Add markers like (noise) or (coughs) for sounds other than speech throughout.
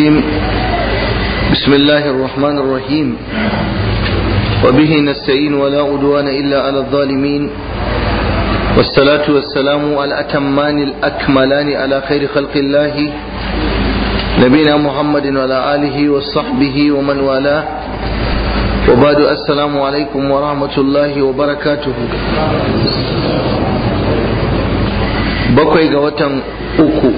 الرجيم بسم الله الرحمن الرحيم وبه نستعين ولا عدوان إلا على الظالمين والصلاة والسلام الأتمان الأكملان على خير خلق الله نبينا محمد وعلى آله وصحبه ومن والاه وبعد السلام عليكم ورحمة الله وبركاته بقي قوة أكو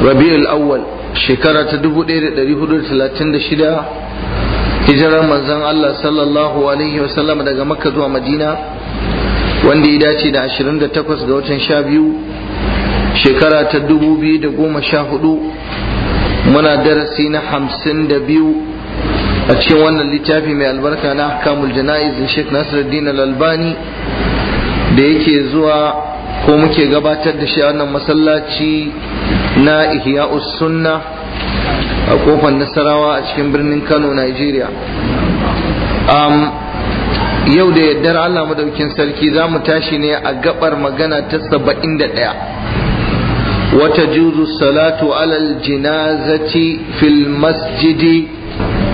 rabi'ul awwal shekara ta 1436 hijirar manzon Allah sallallahu alaihi wasallam daga makka zuwa madina wanda ya dace da 28 ga watan 12 shekara ta 2014 muna darasi na 52 a cikin wannan littafi mai albarka na kamul jana'iz Sheikh Nasiruddin Al-Albani da yake zuwa ko muke gabatar da shi a wannan masallaci na ihya sunna a kofar nasarawa a cikin birnin kano nigeria um, yau da yaddar allah madaukin sarki za mu tashi ne a gabar magana ta saba'in da ɗaya wata juzu salatu alal jinazati fil masjidi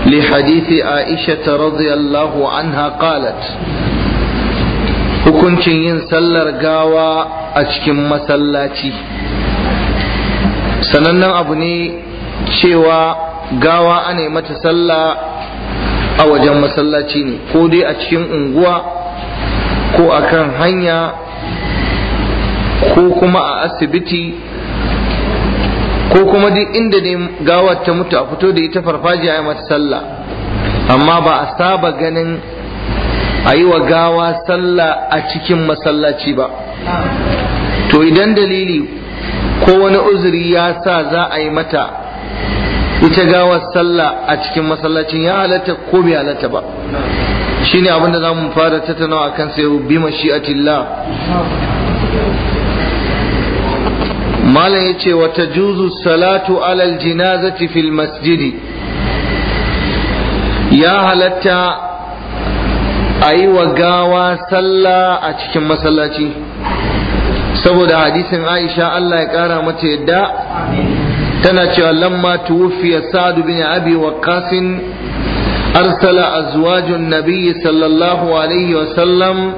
li hadithi aisha radiyallahu anha haƙalat hukuncin yin sallar gawa a cikin masallaci sanannen abu ne cewa gawa ana mata sallah a wajen masallaci ne ko dai a cikin unguwa ko a kan hanya ko kuma a asibiti ko kuma duk inda ne gawar ta mutu a fito da ita farfajiya ya mata sallah amma ba a saba ganin a yi wa gawa sallah a cikin masallaci ba to idan dalili ko wani uzuri ya sa za a yi mata ita gawar sallah a cikin masallacin ya halatta ko bai halatta ba Shi ne abin da zamu fara a kan sai bi mashi'atillah malam ce wata juzu salatu alal jinazati fil masjidi ya halatta a yi wa gawa sallah a cikin masallaci saboda hadisin Aisha Allah ya kara mace yadda tana cewa lamma tuwfiya Sa'd bin Abi Waqqas arsala azwajun nabiy sallallahu alaihi wa sallam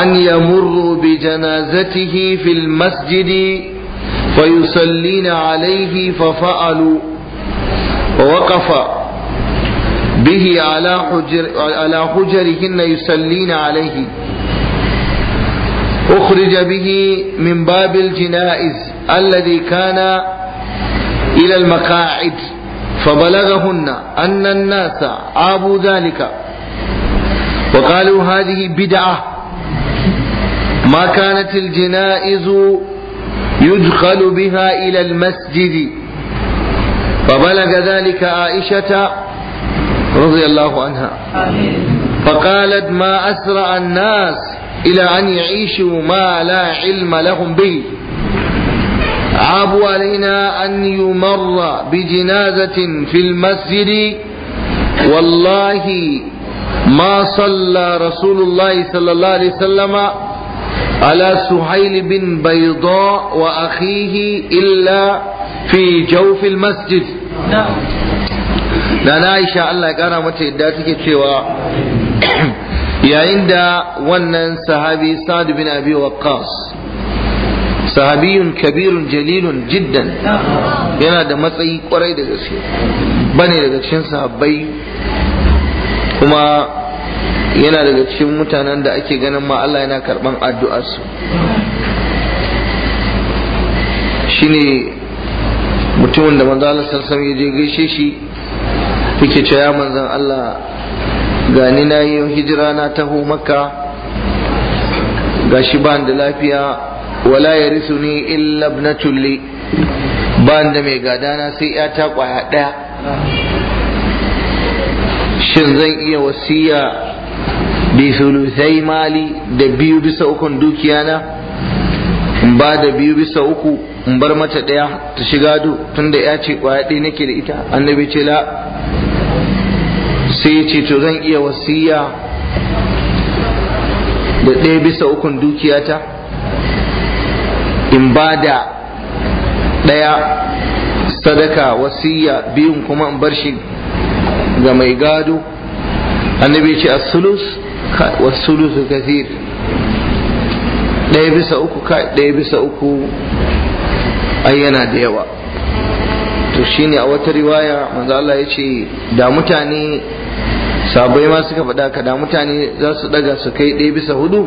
an yamurru bi janazatihi fil masjid فيصلين عليه ففعلوا ووقف به على حجر على حجرهن يصلين عليه أخرج به من باب الجنائز الذي كان إلى المقاعد فبلغهن أن الناس عابوا ذلك وقالوا هذه بدعة ما كانت الجنائز يدخل بها إلى المسجد فبلغ ذلك عائشة رضي الله عنها آمين. فقالت ما أسرع الناس إلى أن يعيشوا ما لا علم لهم به عابوا علينا أن يمر بجنازة في المسجد والله ما صلى رسول الله صلى الله عليه وسلم على سهيل بن بيضاء وأخيه إلا في جوف المسجد نعم لا عائشة الله يقرأ متى إداتك سوى (coughs) yayin da wannan sahabi sa'ad bin abi waqqas sahabiyun kabirun jalilun jiddan yana da matsayi kwarai da gaske bane daga cikin sahabbai kuma yana daga cikin mutanen da ake ganin ma Allah yana karban addu'arsu shine mutumin da manzo Allah sallallahu ya je gaishe shi yake cewa ya manzon Allah gani na yi hijira na taho maka gashi ban da lafiya wala ya risu ni illa na tulli ban da mai gada na sai ya ta kwaya ɗaya shin zan iya wasiya bi sulusai mali da biyu bisa ukun na in ba da biyu bisa uku in bar mata ɗaya ta shiga tunda ya ce kwaya ɗaya nake da ita annabi ce la sai ya ce to zan iya wasiya da ɗaya bisa ukun dukiyata in ba da ɗaya sadaka wasiya biyun kuma in bar shi ga mai gado annabi ce a sulus wa sulusu kathir ɗaya bisa uku kai ɗaya bisa uku ayyana da yawa to shine a wata riwaya manzo Allah ya ce da mutane sabai ma suka faɗa kada mutane za su ɗaga su kai ɗaya bisa hudu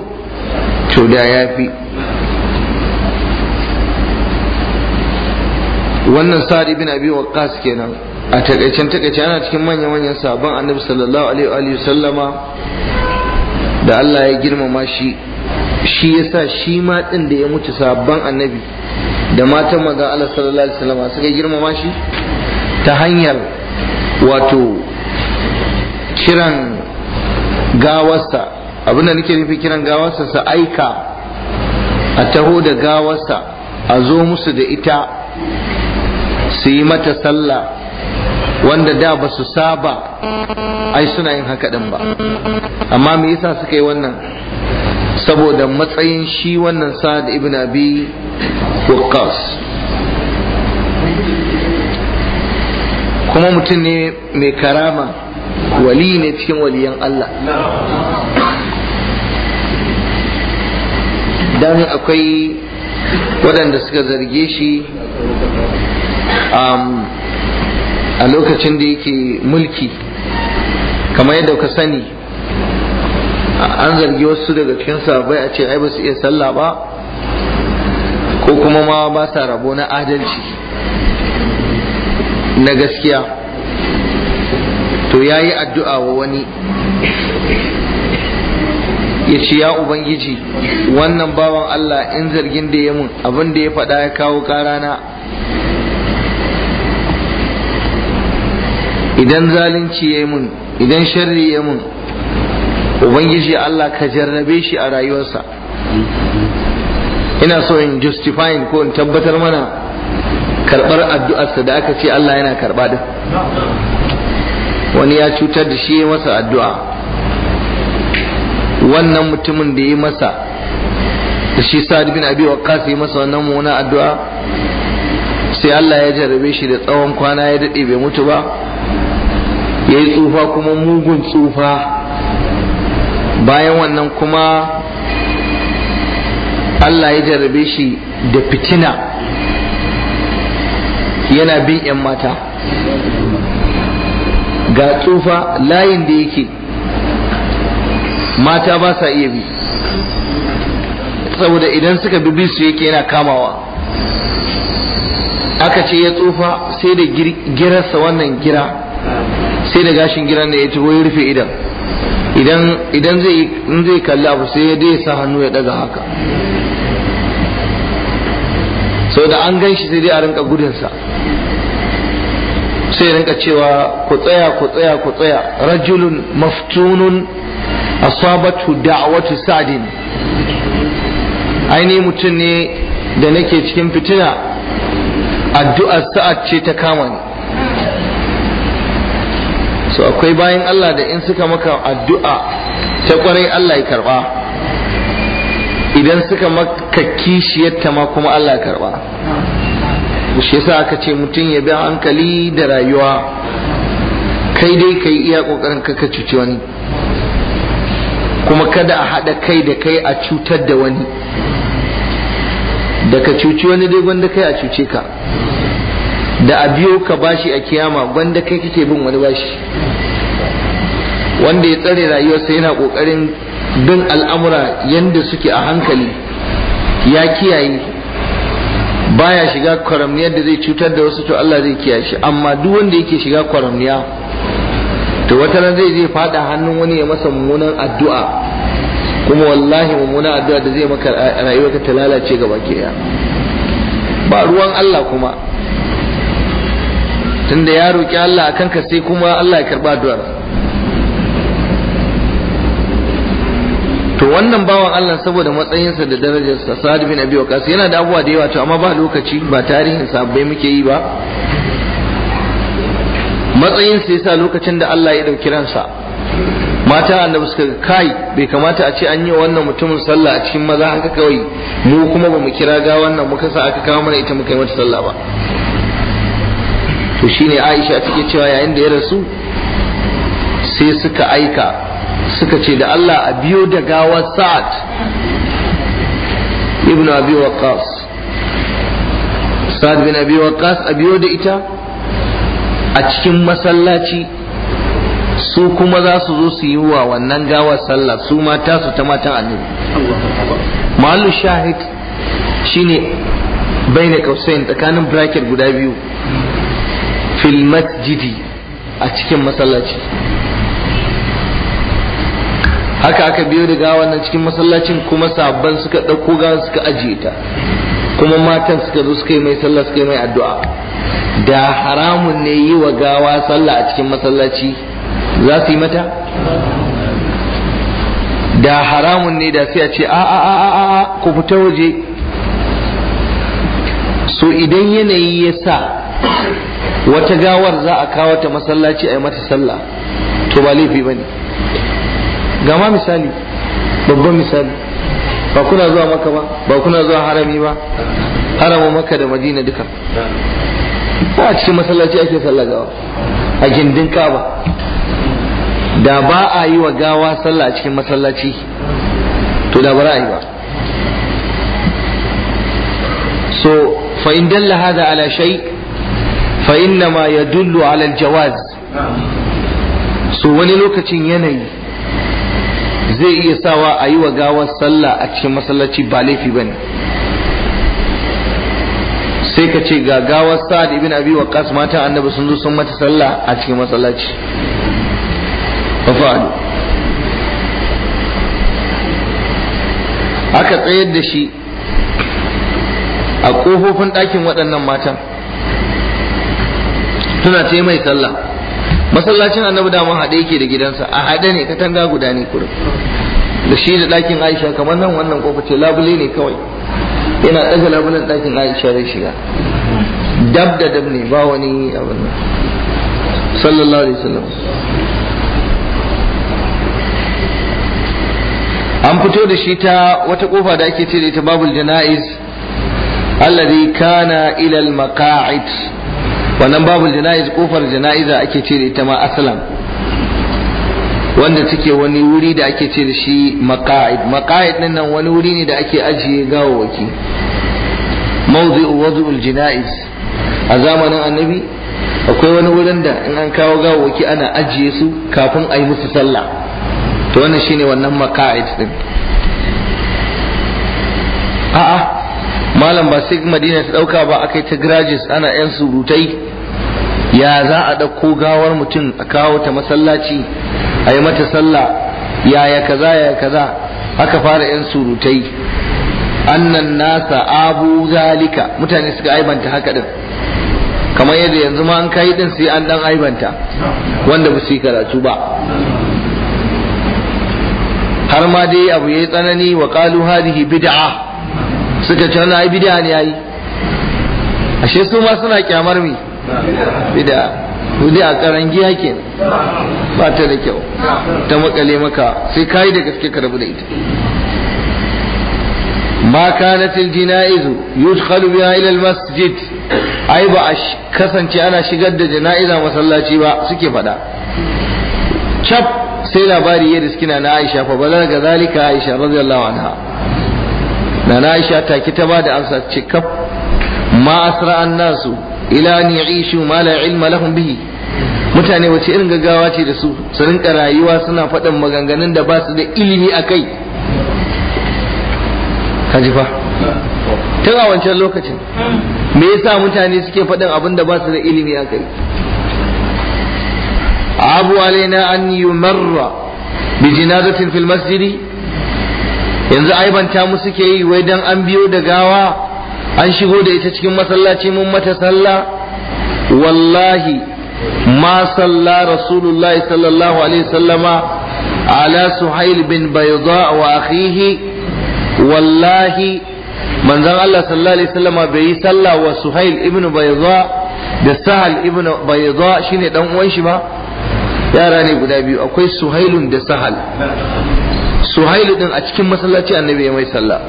to da ya fi wannan sa'ad ibn abi waqqas kenan a takaicen takaice ana cikin manyan manyan sabon annabi sallallahu alaihi wa sallama da Allah ya girmama shi shi yasa shi ma din da ya mutu sabon annabi da matan maza Allah sallallahu alaihi wa sallama suka girmama shi ta hanyar wato kiran gawarsa abinda nake nufi kiran gawarsa su aika a taho da gawarsa a zo musu da ita su yi mata sallah wanda da ba su saba ai suna yin haka din ba amma me yasa suka yi wannan saboda matsayin shi wannan sa'ad ibn abi waqqas kuma mutum ne mai karama wali ne cikin waliyan Allah dan akwai waɗanda suka zarge shi um, a lokacin da yake mulki kamar yadda ka sani an zargi wasu daga cikin sabai a ce ai ba su iya sallah ba ko kuma ma ba sa rabo na adalci na gaskiya to ya yi addu'a wa wani ya ce ya ubangiji wannan bawan Allah in zargin da ya mun abin da ya faɗa ya kawo ƙarana idan zalunci ya mun idan sharri ya mun ubangiji Allah ka jarrabe shi a rayuwarsa ina so in justifying ko in tabbatar mana karɓar addu'arsa da aka ce Allah yana karɓa din wani ya cutar da shi ya masa addu'a wannan mutumin da ya masa da shi sa'ad bin abi waqqas ya masa wannan muna addu'a sai Allah ya jarabe shi da tsawon kwana ya daɗe bai mutu ba yayi tsufa kuma mugun tsufa bayan wannan kuma Allah ya jarabe shi da fitina yana bin 'yan mata ga tsufa layin da yake mata ba sa iya bi saboda idan suka bi su yake yana kamawa aka ce ya tsufa sai da girarsa wannan gira sai da gashin giran da ya ci ya rufe idan idan zai kalli abu sai ya dai sa hannu ya daga haka sau an gan shi sai dai a rinka gudunsa sai rinka cewa ku tsaya ku tsaya ku tsaya rajulun maftunun asabatu da'watu sa'din aini mutum ne da nake cikin fitina addu'a sa'ad ce ta kama ni so akwai bayan Allah da in suka maka addu'a ta kwarai Allah ya karba idan suka maka kishiyarta ma kuma Allah ya karba shi yasa aka ce mutum ya bi hankali da rayuwa kai dai ka yi iya kokarin ka cuci wani kuma kada a haɗa kai da kai a cutar da wani da ka cuci wani dai gwanda kai a cuce ka da a biyo ka bashi a kiyama gwanda kai kake bin wani bashi wanda ya tsare rayuwarsa yana kokarin bin al'amura yadda suke a hankali ya kiyaye baya shiga kwaramniyar da zai cutar da wasu to Allah zai kiyaye shi amma duk wanda yake shiga kwaramniya to wata ran zai je fada hannun wani ya masa mummunan addu'a kuma wallahi mummunan addu'a da zai maka rayuwarka ta lalace gaba ke ba ruwan Allah kuma tunda ya roki Allah akan ka sai kuma Allah ya karba addu'ar to wannan bawan Allah saboda matsayinsa da darajarsa Sa'ad bin Abi Waqqas yana da abuwa da yawa to amma ba lokaci ba tarihin bai muke yi ba matsayin sa yasa lokacin da Allah ya dauki ransa mata annabi suka kai bai kamata a ce an yi wannan mutumin sallah a cikin maza haka kawai mu kuma ba mu kira ga wannan muka sa aka kawo mana ita muka yi mata sallah ba to shine Aisha take cewa yayin da ya rasu sai suka aika suka ce da Allah a biyo da gawar sa'ad ibn abi waqas sa'ad bin abi waqas a biyo da ita a cikin masallaci su kuma za su zo su yi wa wannan gawar sallah su mata su ta mata a annabi mahallu shahid shine baina kausain tsakanin bracket guda biyu fil masjidi a cikin masallaci haka aka biyo da gawan nan cikin masallacin kuma sabban suka ɗauko gawan suka ajiye ta kuma matan suka zo suka yi mai sallah suka yi mai addu'a da haramun ne yi wa gawa sallah a cikin masallaci za su yi mata da haramun ne da sai a ce a a a a ku fita waje so idan yanayi ya sa wata gawar za a kawo ta masallaci a yi mata sallah to ba laifi ba ne Gama misali babban misali ba kuna zuwa maka ba ba kuna zuwa harami ba haramun maka da madina duka ba a cikin masallaci ake sallah gawa a gindin kaba da ba a yi wa gawa sallah a cikin masallaci to da ba a yi ba so fa in dalla hada ala shay fa inna ma yadullu ala aljawaz so wani lokacin yanayi zai iya sawa a yi wa gawar sallah a cikin masallaci ba laifi ba ne sai ka ce ga gawar sa'ad ibn abi waqas matan annabi sun zo sun mata sallah a cikin masallaci fa fa'alu aka tsayar da shi a kofofin ɗakin waɗannan matan suna ce mai sallah masallacin annabi da mun haɗe yake da gidansa a haɗe ne katanga guda ne kurin da shi da ɗakin aisha kamar nan wannan kofa ce labule ne kawai yana ɗaga labulen ɗakin aisha zai shiga dab da dab ne ba wani abin nan sallallahu alaihi wasallam an fito da shi ta wata kofa da ake ce da ita babul jana'iz alladhi kana ila al-maqa'id wannan babul jana'iz kofar jana'iza ake ce da ita ma aslam wanda take wani wuri da ake ce da shi maqaid maqaid din nan wani wuri ne da ake ajiye gawawaki mawdi'u wad'ul jana'iz a zamanin annabi akwai wani wurin da in an kawo gawawaki ana ajiye su kafin a yi musu sallah to wannan shine wannan maqaid din a'a malam ba sai madina ta dauka ba akai yi ta grajis ana yan surutai ya za a ɗauko gawar mutum a kawo ta masallaci a yi mata sallah yaya kaza yaya kaza aka fara yan surutai annan nasa abu zalika mutane suka aibanta haka din kamar yadda yanzu ma an kai din sai an dan aibanta wanda ba su karatu ba har ma dai abu yayi tsanani wa qalu hadhihi bid'ah suka ce wani ayi bidiya ne yayi ashe su suna kyamar mi bidiya ku dai a karan giya ke ba da kyau ta makale maka sai kai da gaske ka rubuta ita ma kana til jinaizu yudkhalu biha ila al masjid ay ba a kasance ana shigar da jana'iza masallaci ba suke faɗa. chap sai labari yayin da suke na Aisha fa balaga zalika Aisha radiyallahu anha na Aisha ki ta bada amsa ce kaf ma asra nasu ila ni ya'ishu ma la ilma lahum bihi mutane wace irin gaggawa ce da su su rinka rayuwa suna faɗin maganganun da ba su da ilimi a kai kaji fa tun a wancan lokacin me yasa mutane suke faɗin abin da ba su da ilimi a kai abu alaina an yumarra bi jinazatin fil masjidi yanzu aibanta mu suke yi wai dan an biyo da gawa an shigo da ita cikin masallaci mun mata sallah wallahi ma salla rasulullahi sallallahu alaihi sallama ala suhail bin bayda wa akhihi wallahi manzon Allah sallallahu alaihi sallama bai yi sallah wa suhail ibn bayda da sahal ibn bayda shine dan uwan shi ba yara ne guda biyu akwai suhailun da sahal suhaili din a cikin masallaci annabi ya mai sallah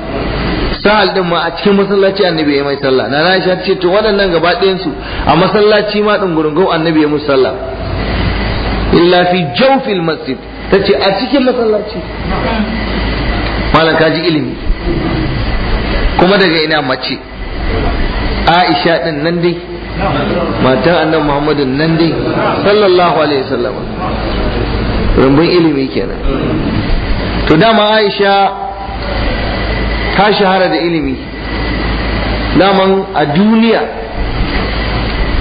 sa'al din ma a cikin masallaci annabi ya mai sallah na na ce to waɗannan gaba ɗayan su a masallaci ma din gurungau annabi ya musu sallah illa fi jawfil masjid tace a cikin masallaci malam kaji ilimi kuma daga ina mace Aisha din nan dai matan annabi Muhammadu nan dai sallallahu alaihi wasallam rumbun ilimi kenan to dama aisha ta shahara da ilimi daman a duniya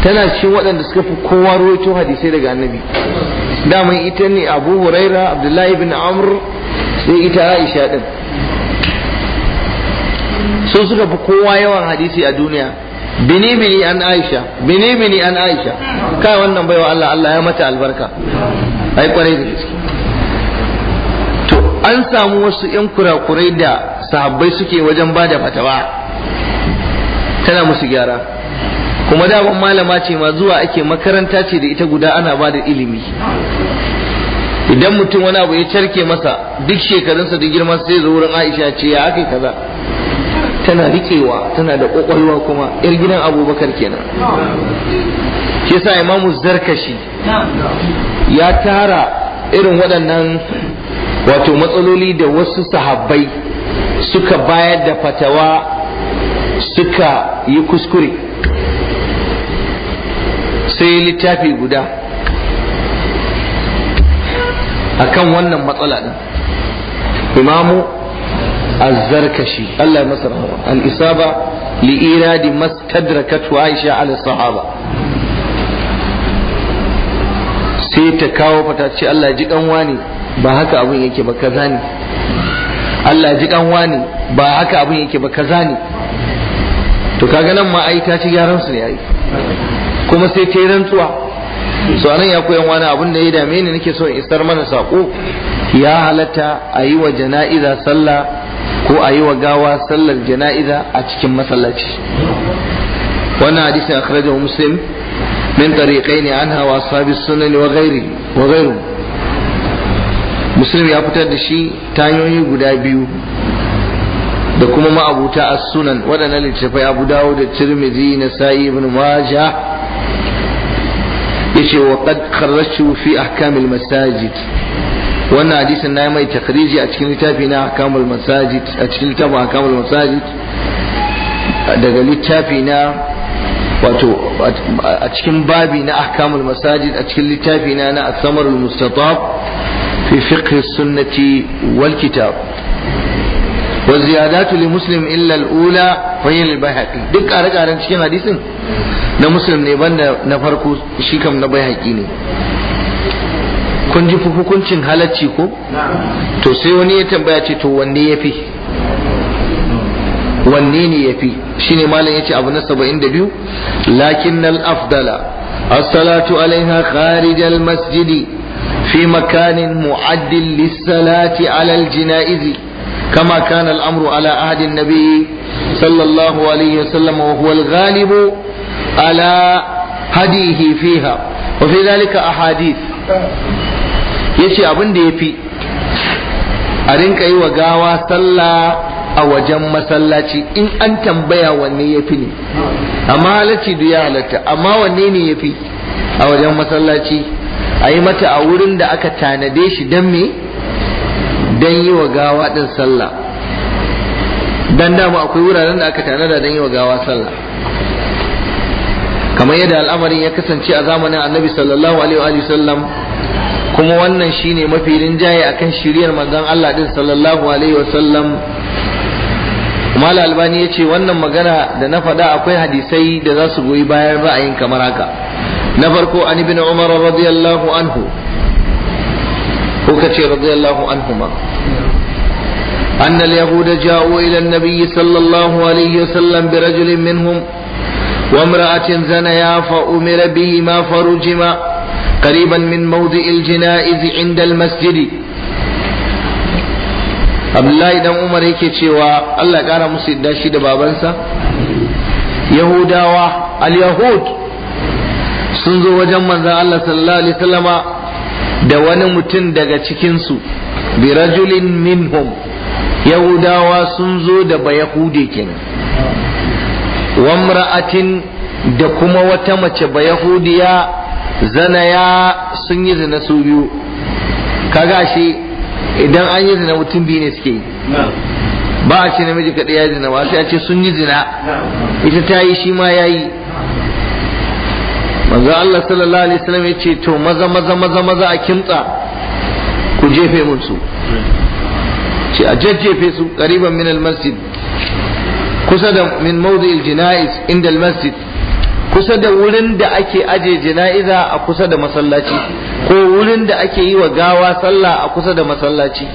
tana cikin waɗanda suka fi kowa ruwaito hadisai daga annabi daman ita ne abu huraira abdullahi bin amr sai ita aisha din sun suka fi kowa yawan hadisi a duniya bini bini an aisha bini bini an aisha kai wannan baiwa Allah Allah ya mata albarka ai kwarai da gaske an samu wasu 'yan kurakurai da sahabbai suke wajen ba da fatawa tana musu gyara kuma daman malama ce ma zuwa ake makaranta ce da ita guda ana ba da ilimi idan mutum wani abu ya carke masa duk shekarunsa da girma sai zo wurin aisha ce ya aka kaza tana rikewa tana da kwakwalwa kuma yar gidan abubakar kenan shi yasa imamu zarkashi ya tara irin waɗannan wato matsaloli da wasu sahabbai suka bayar da fatawa suka yi kuskure sai littafi guda akan wannan matsala din imamu azzarkashi Allah ya masa rahama al-isaba li iradi Aisha al sahaba sai ta kawo fata ce Allah ji kanwa ne ba haka abun yake ba kaza ne Allah ji kan wani ba haka abun yake ba kaza ne to kaga nan ma ai ta ci gyaran su ne ai kuma sai ta rantsuwa so anan ya koyan wani abun da ya dame ni nake so in isar mana sako ya halatta a yi wa jana'iza sallah ko a yi wa gawa sallar jana'iza a cikin masallaci wannan hadisin akhrajahu muslim min tariqaini anha wa ashabi sunan wa ghairi wa ghairuhum muslim ya fitar da shi ta hanyoyi guda biyu da kuma ma'abuta a sunan waɗannan littattafai abu dawo da tirmidhi na sa'i ibn maja yace wa qad kharrajtu fi ahkamil masajid wannan hadisin na mai takriji a cikin littafi na ahkamul masajid a cikin littafin ahkamul masajid daga littafi na wato a cikin babi na ahkamul masajid a cikin littafi na na asamarul mustataf في فقه السنة والكتاب والزيادات لمسلم إلا الأولى فهي للبيهقي دك أرك أرن شكين حديث na muslim ne banda na farko shi kam na bai ne kun ji hukuncin halarci ko to sai wani ya tambaya ce to wanne ya fi wanne ne ya fi Shi ne malam ya ce abu na saba'in da biyu lakin al afdala as-salatu alaiha kharijal masjidi في مكان معد للصلاة على الجنائز كما كان الأمر على عهد النبي صلى الله عليه وسلم وهو الغالب على هديه فيها وفي ذلك أحاديث يشي أبن ديفي أرنك أيوة قاوة صلى a wajen masallaci in an tambaya wanne ya fi ne amma halacci da ya halatta amma wanne ne ya fi a wajen masallaci a yi mata a wurin da aka tanade shi don me don yi wa gawa ɗin sallah don damu akwai wuraren da aka tanada don yi wa gawa sallah kamar yadda al'amarin ya kasance a zamanin annabi sallallahu alaihi wa sallam kuma wannan shi ne mafi rinjaye akan shiriyar manzon Allah ɗin sallallahu alaihi wa sallam Mala Albani ya ce wannan magana da na faɗa akwai hadisai da za su goyi bayan ra'ayin kamar haka. na farko an ibn umar radiyallahu anhu ko kace radiyallahu anhuma أن اليهود جاءوا إلى النبي صلى الله عليه وسلم برجل منهم وامرأة زنيا فأمر بهما فرجما قريبا من موضع الجنائز عند المسجد Abdullahi dan Umar yake cewa Allah ƙara musu yadda shi da babansa Yahudawa al-Yahud sun zo wajen manzan Allah sallallahu alaihi da wani mutum daga cikinsu bi rajulin minhum yahudawa sun zo da bayahude kenan wamra'atin da kuma wata mace bayahudiya zanaya sun yi zina su biyu kaga shi idan an yi zina mutum biyu ne suke yi ba a ce namiji kaɗai ya zina ba sai a ce sun yi zina ita ta yi shi ma ya yi manzo Allah sallallahu alaihi wasallam ya ce to maza maza maza maza a kimtsa ku jefe musu ce a jajjefe su qariban min al masjid kusa da min mawdi al janaiz inda al masjid kusa da wurin da ake aje jana'iza a kusa da masallaci ko wurin da ake yi wa gawa sallah a kusa da masallaci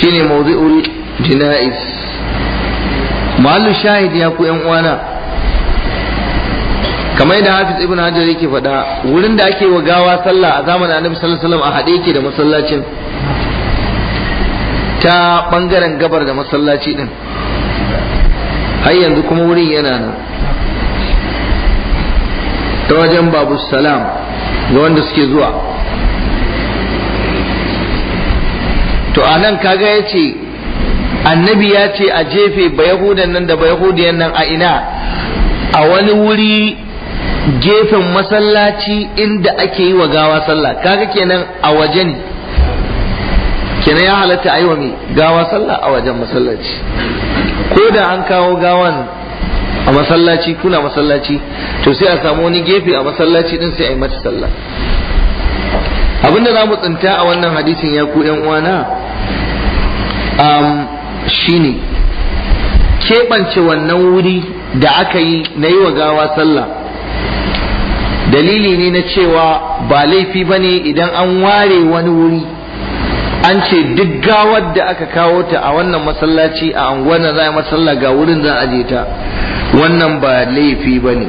shine mawdi'ul jana'iz mahallu shahid ya ku yan uwana kamar yadda hafiz ibn hajar yake faɗa wurin da ake wa gawa sallah a zamanin annabi sallallahu alaihi wasallam a haɗe yake da masallacin ta bangaren gabar da masallaci din har yanzu kuma wurin yana nan ta wajen babu salam ga wanda suke zuwa to a nan kaga ya ce annabi ya ce a jefe bayahudan nan da bayahudiyan nan a ina a wani wuri gefen masallaci inda ake yi wa gawa sallah kaga kenan a waje ne kenan ya halatta a yi wa gawa sallah a wajen masallaci ko da an kawo gawan a masallaci kuna masallaci to sai a samu wani gefe a masallaci din sai a yi mata sallah abinda za mu tsinta a wannan hadisin ya ku yan uwana um, shine keɓance wannan wuri da aka yi na yi wa gawa sallah dalili ne na cewa ba laifi ba ne idan an ware wani wuri an ce duk gawar da aka kawo ta a wannan masallaci a anguwan za a masalla ga wurin za a je ta wannan ba laifi ba ne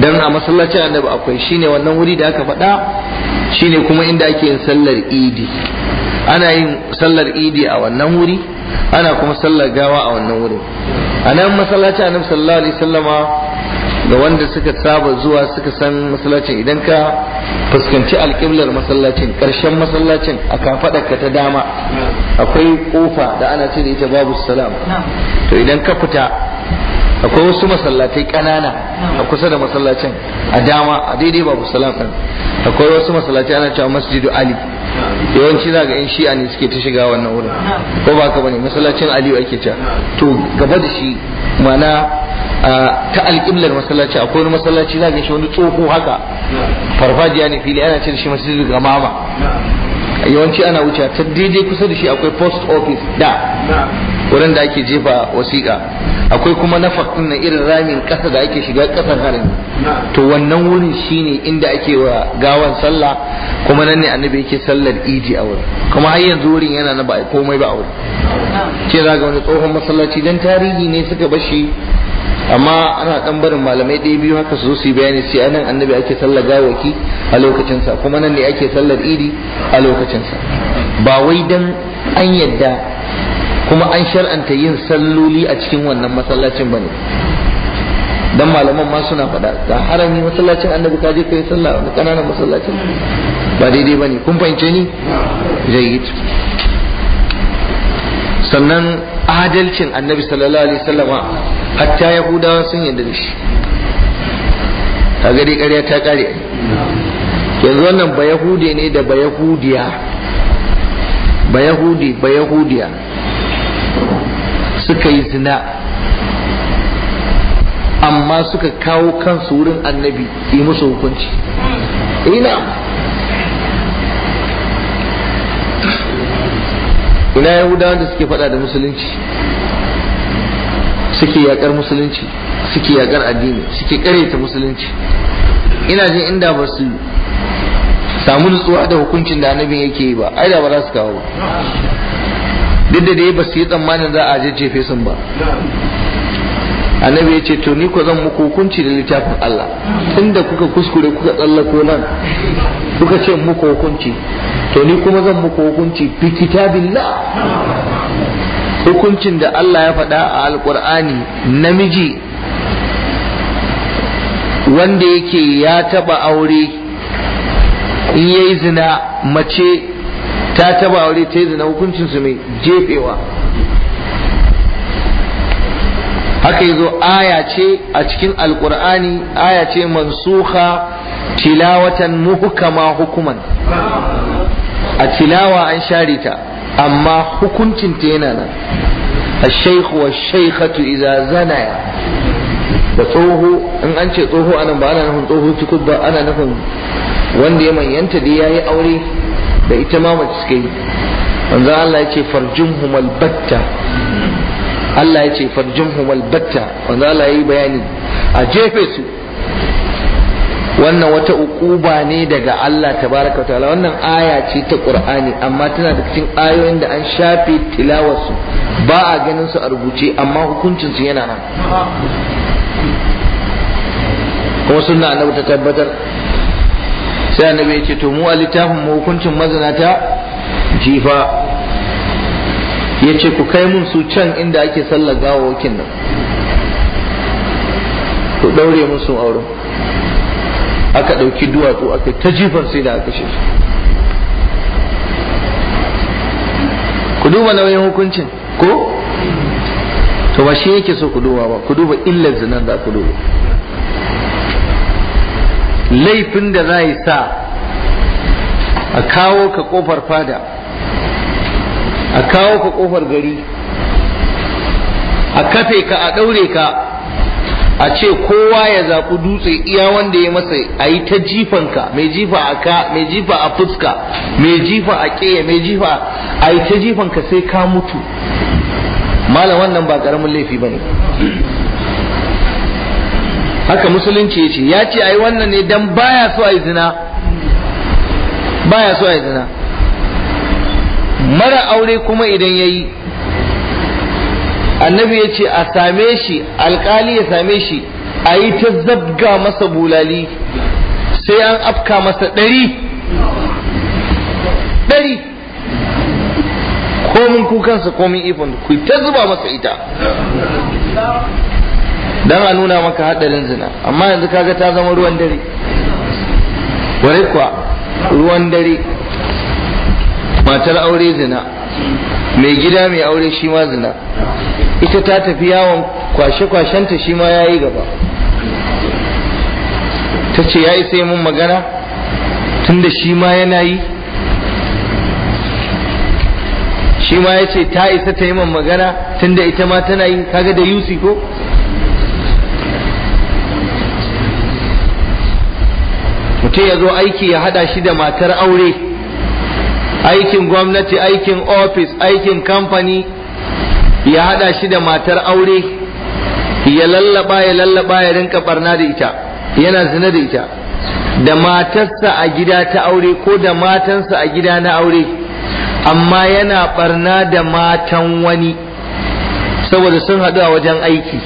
don a masallacin ba akwai shine wannan wuri da aka faɗa shine kuma inda ake yin sallar idi ana yin sallar idi a wannan wuri ana kuma sallar gawa a wannan wurin a nan masallacin annabi sallallahu alaihi wasallama ga wanda suka saba zuwa suka san masallacin idan ka fuskanci alƙiblar masallacin ƙarshen masallacin a kafaɗarka ta dama akwai ƙofa da ana ce da ita babu salam to idan ka fita akwai wasu masallatai ƙanana a kusa da masallacin a dama a daidai babu salam ɗin akwai wasu masallatai ana cewa masjidu ali yawanci za ga yan shi'a ne suke ta shiga wannan wurin ko ba ka bane masallacin aliyu ake cewa to gaba da shi mana ta alƙiblar masallaci akwai wani masallaci za ka shi wani tsoho haka farfajiya ne fili ana ce da shi ga mama yawanci ana wuce ta daidai kusa da shi akwai post office da wurin da ake jefa wasiƙa akwai kuma na din na irin ramin ƙasa da ake shiga ƙasar harin to wannan wurin shine inda ake wa gawan sallah kuma nan ne annabi yake sallar idi a wurin kuma har yanzu wurin yana na komai ba a wurin ce za ga wani tsohon masallaci dan tarihi ne suka bashi amma ana dan barin malamai ɗaya biyu haka su su yi bayani sai anan annabi ake sallar gawaki a lokacinsa kuma nan ne ake sallar idi a lokacinsa ba wai dan an yadda kuma an shar'anta yin salloli a cikin wannan masallacin bane dan malaman ma suna faɗa ga harami masallacin annabi ka je kai sallah a ƙananan masallacin ba daidai bane kun fahimce ni jayyid sannan adalcin annabi sallallahu alaihi wasallama hatta yahudawa sun yarda da shi a gari ƙarya ta ƙare yanzu wannan ba yahude ne da ba yahudiya ba yahudi ba yahudiya suka yi zina amma suka kawo kansu wurin annabi yi musu hukunci ina ina yahudawa da suke fada da musulunci suke yakar musulunci suke yakar addini suke kareta musulunci ina jin inda ba su samu nutsuwa da hukuncin da annabin yake yi ba ai da ba za su kawo ba duk da dai ba su yi tsammanin za a jajjefe sun ba annabi ya ce to ni ko zan muku hukunci da littafin Allah tunda kuka kuskure kuka tsallako nan kuka ce muku hukunci to ni kuma zan muku hukunci bi kitabillah hukuncin da Allah ya faɗa a Alƙur'ani namiji wanda yake ya taba aure in yayi zina mace ta taba aure ta yi zina hukuncin su mai jefewa haka yazo aya ce a cikin alkur'ani aya ce mansuha tilawatan muhukama hukuman a tilawa an share ta amma hukuncin ta yana nan الشيخ والشيخة إذا زنيا da tsoho in an ce tsoho anan ba ana nufin tsoho cikin ba ana nufin wanda ya manyanta da ya yi aure da ita ma mace suka yi wanzu Allah ya ce farjin humal batta Allah ya ce farjin humal batta Allah ya yi bayani a jefe su wannan wata ukuba ne daga Allah tabaraka ta'ala wannan aya ce ta Qur'ani amma tana da cikin ayoyin da an shafe tilawarsu ba a ganin su a rubuce amma hukuncin su yana nan kuma sunna annabi ta tabbatar sai annabi ya ce to mu a littafin mu hukuncin mazinata jifa ya ce ku kai mun su can inda ake sallar gawawakin nan ku daure musu auren aka ɗauki duwatsu aka ta jifar sai da aka shi ku duba nauyin hukuncin ko to ba shi yake so ku duba ba ku duba illar zinar da ku duba laifin da za yi sa a kawo ka kofar fada a kawo ka kofar gari a kafe ka a ɗaure ka a ce kowa ya zaɓi dutse iya wanda ya masa a yi ta jifanka mai jifa a ka mai jifa a fuska mai jifa a ke mai jifa a yi ta jifanka sai ka mutu malam wannan ba ƙaramin laifi ba ne haka musulunci ya ce ya ce a yi wannan ne don baya so a yi zina baya so a yi zina mara aure kuma idan ya yi annabi ya ce a same shi alkali ya same shi a yi ta zabga masa bulali sai an afka masa ɗari ɗari komin kukansa komin ifon ku ta zuba masa ita dan a nuna maka haɗarin zina amma yanzu kaga ta zama ruwan dare ware kuwa ruwan dare matar aure zina mai gida mai aure shi ma zina ita ta tafi yawon kwashe-kwashenta shi ma ya yi gaba ta ce ya isa mun magana tun da shi ma yana yi shi ma ya ce ta isa ta yi man magana tun da ita ma tana yi kaga da yusi ko mutum ya zo aiki ya hada shi da matar aure aikin gwamnati aikin ofis aikin kamfani ya haɗa shi da matar aure ya lallaba ya lallaba ya rinka barna da ita yana zina da ita da matarsa a gida ta aure ko da matansa a gida na aure amma yana barna da matan wani saboda sun haɗu a wajen aiki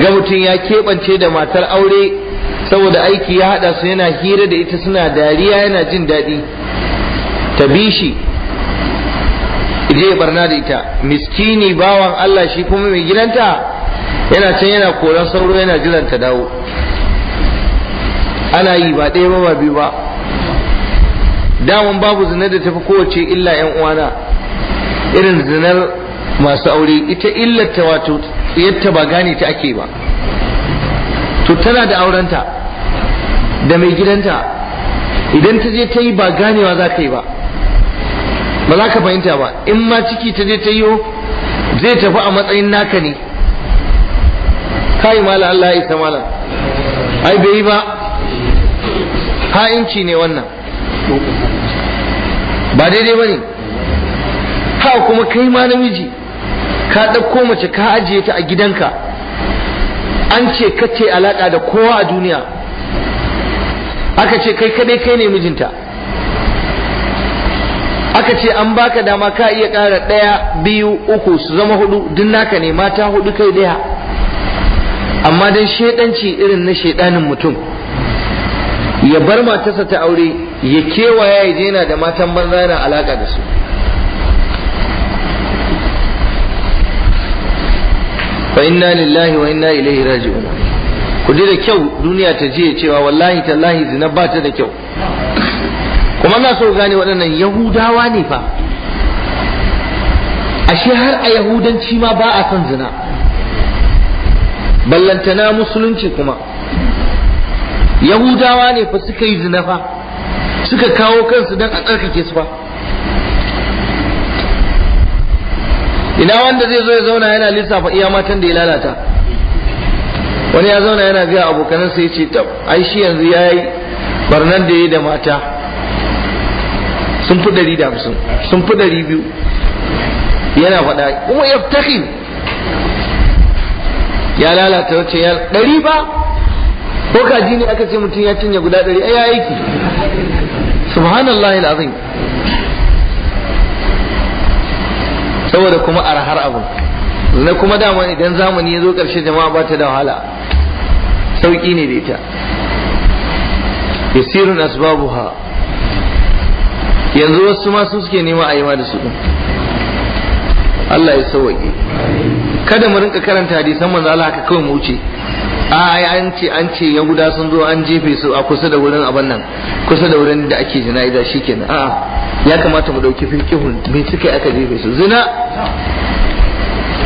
ga mutum ya keɓance da matar aure saboda aiki ya haɗa su yana hira da ita suna dariya yana jin daɗi ta bi shi je barna da ita miskini bawan Allah shi kuma mai gidanta yana can yana koran sauro yana jiran ta dawo ana yi ba ɗaya ba biyu ba damun babu zina da tafi kowace illa yan uwana irin zinar masu aure ita illata wato yadda ba gane ta ake ba to tana da aurenta da mai gidanta idan ta je ta yi ba ganewa za ka yi ba ba za ka fahimta ba in ma ciki ta je ta yiwo zai tafi a matsayin naka ne kai mala Allah ya isa mala ai bai yi ba ha'inci ne wannan ba daidai ba ne ha kuma kai ma namiji ka ɗauko mace ka ajiye ta a gidanka an ce kace alaƙa da kowa a duniya aka ce kai kadai kai ne mijinta aka ce an baka dama ka iya kara ɗaya biyu uku su zama hudu duk naka ne mata hudu kai ɗaya amma dan shedanci irin na shedanin mutum ya bar matarsa ta aure ya kewaya ya je da matan banza yana alaka da su fa inna lillahi wa inna ilaihi raji'un ku da kyau duniya ta je cewa wallahi tallahi zina ba da kyau kuma na so gane waɗannan yahudawa ne fa ashe har a yahudanci ma ba a son zina ballantana musulunci kuma yahudawa ne fa suka yi zina fa suka kawo kansu don a tsarkake su fa ina wanda zai zo ya zauna yana lissafa iya matan da ya lalata wani ya zauna yana biya abokanansa ya ce ta ai shi yanzu ya yi barnan da ya yi da mata sun fi ɗari da hamsin sun fi ɗari biyu yana faɗa kuma ya ya lalata wacce ya ɗari ba ko kaji ne aka ce mutum ya cinye guda ɗari ya aiki subhanallah azim saboda kuma arhar abun. na kuma dama idan zamani ya zo ƙarshe jama'a ba ta da wahala sauƙi ne da ita yasirun asbabuha yanzu wasu ma su suke nema a yi ma da su Allah ya sauwaƙe kada mu rinka karanta hadisan manzo Allah ka kawai mu wuce a an ce an ce ya guda sun zo an jefe su a kusa da wurin abin nan kusa da wurin da ake jana'iza shikenan a'a ya kamata mu dauki fiqhun me suka aka jefe su zina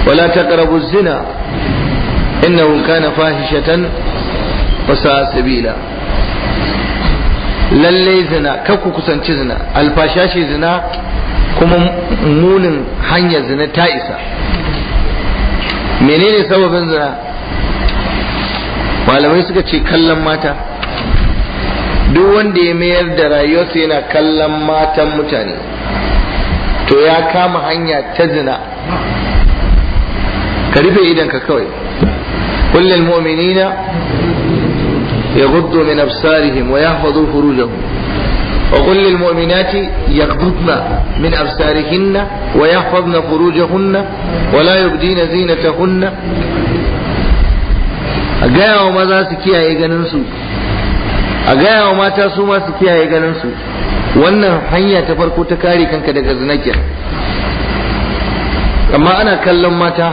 wala taqrabu zina innahu kana fahishatan wa sa'a sabila Lallai zina kar ku kusanci zina alfashashi zina kuma munin hanya zina ta isa menene sababin zina malamai suka ce kallon mata duk wanda ya mayar da rayuwarsa yana kallon matan mutane to ya kama hanya ta zina ka rufe idanka kawai kullum mu'minina يغضوا من أبصارهم ويحفظوا فروجهم وقل للمؤمنات يغضضن من أبصارهن ويحفظن فروجهن ولا يبدين زينتهن a gaya wa maza su kiyaye ganinsu a gaya mata su ma su kiyaye ganinsu wannan hanya ta farko ta kare kanka daga zinakin amma ana kallon mata